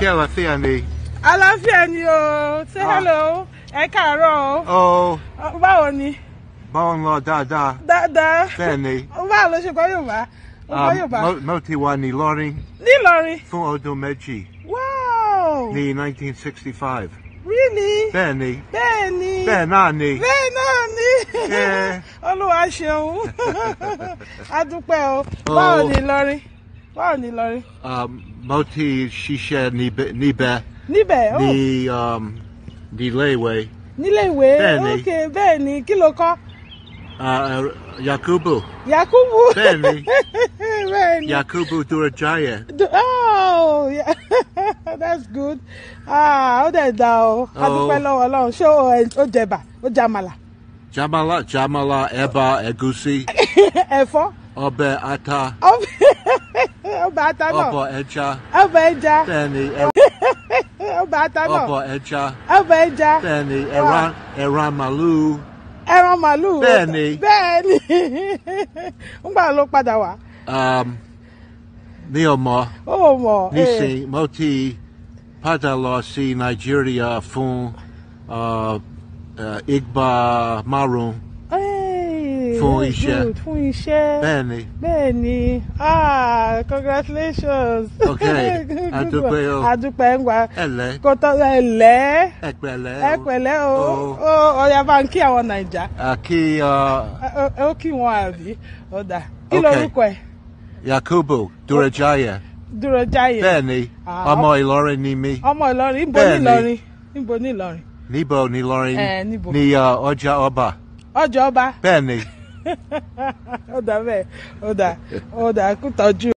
ṣé àlàáfíà ni. àlàáfíà ni o say ah. hello ẹ káàárọ̀ o. Oh. Oh, báwo ni. báwo ń lọ dáadáa. dáadáa bẹ́ẹ̀ni. báwo ló ṣe kọ́ Yorùbá. Um, mo ti wà ní Ìlọrin. ní Ìlọrin. fún ọdún méjì. wow. ní 1965. sixty five. Really? Bẹ́ẹ̀ni. Bẹ́ẹ̀ni. Bẹ́ẹ̀ náà ni. Bẹ́ẹ̀ náà ni. Olúwa ṣeun. A dúpẹ́ o. Oh. Báwo ni Ìlọrin? Báwo ni lọ rí? Mo ti ṣiṣẹ́ Ni Níbẹ̀ níbẹ̀ ó. Ní ilé ìwé. Nílé ìwé ok bẹ́ẹ̀ ni kí ló kọ́? Uh, uh, Yakubu. Yakubu. Bẹ́ẹ̀ni. Bẹ́ẹ̀ni. Yakubu Durajaya. Oh, yeah. that's good. Ah, ó dẹ̀ da o. A oh. dúpẹ́ lọ́wọ́ Ọlọ́run. Ṣé o jẹ̀bà? O jamala. Jamala, jamala, ẹ̀bà, Egusi. Ẹ̀fọ́. Ọbẹ̀ ata. Ọbẹ̀ ọba ata náà ọbọ ẹja ọbọ ẹja bẹ́ẹ̀ni ọba ata náà ọbọ ẹja ọbọ ẹja bẹ́ẹ̀ni ẹran ẹran màlúù ẹran màlúù bẹ́ẹ̀ni bẹ́ẹ̀ni ńgbà ló padà wá. mi um, ò mọ̀ eh. nísìnyí mo ti padà lọ sí nàìjíríà fún ìgbà uh, uh, márùn fún iṣẹ́ fún iṣẹ́ bẹ́ẹ̀ni bẹ́ẹ̀ni ah congratulations ok adúpẹ́ o adúpẹ́ ń wa ẹ̀lẹ́ kótó ẹ̀lẹ́ ẹ̀pẹ̀lẹ́ o ẹ̀pẹ̀lẹ́ o o ọ̀yà bá ń kí àwọn nàìjà. àkí uh, ó kí wọn àbí ọ̀dà kí lorúkọ ẹ̀. Yakubu Durejaya. Durejaya bẹ́ẹ̀ni ah, ọmọ Ìlọrin ni mí. ọmọ Ìlọrin níbo ní Ìlọrin níbo ní Ìlọrin. níbo ní Ìlọrin eh, ní uh, ọjà ọba ọjọba. bẹ́ẹ̀ni Ô dá, velho. Ô dá. Ô dá, com tal de